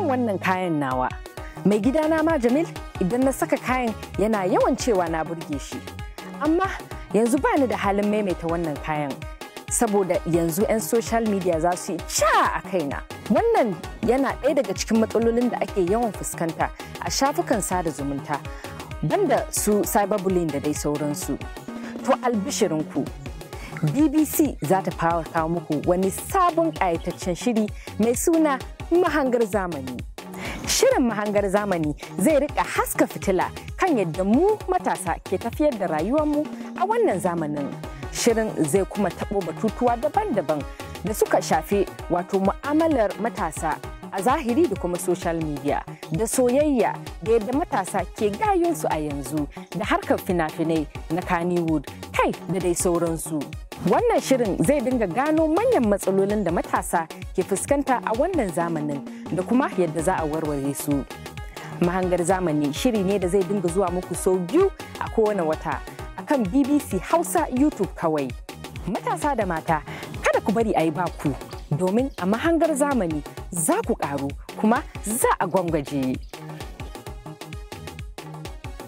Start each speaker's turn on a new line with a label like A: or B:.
A: irin wannan kayan nawa. Mai gidana ma Jamil idan na saka kayan yana yawan cewa na burge shi. Amma yanzu ba ni da halin maimaita wannan kayan. Saboda yanzu 'yan social media za su yi ca a kaina. Wannan yana ɗaya daga cikin matsalolin da ake yawan fuskanta a shafukan sada zumunta. Banda su cyberbullying da dai sauransu. To albishirinku BBC za ta fara kawo muku wani sabon ƙayataccen shiri mai suna mahangar zamani. Shirin mahangar zamani zai rika haska fitila kan yadda mu matasa ke tafiyar da rayuwarmu a wannan zamanin. Shirin zai kuma taɓo batutuwa daban-daban da suka shafi wato mu'amalar matasa a zahiri da kuma social media da soyayya da yadda matasa ke gayunsu a yanzu da harkar fina-finai na Kannywood kai da dai sauransu. Wannan shirin zai dinga gano manyan matsalolin da matasa ke fuskanta a wannan zamanin da kuma yadda za a warware su. Mahangar zamani shiri ne da zai dinga zuwa muku sau biyu a kowane wata a kan BBC Hausa YouTube kawai. Matasa da mata, kada ku bari a yi baku domin a mahangar zamani za ku ƙaru kuma za a gwangwaje.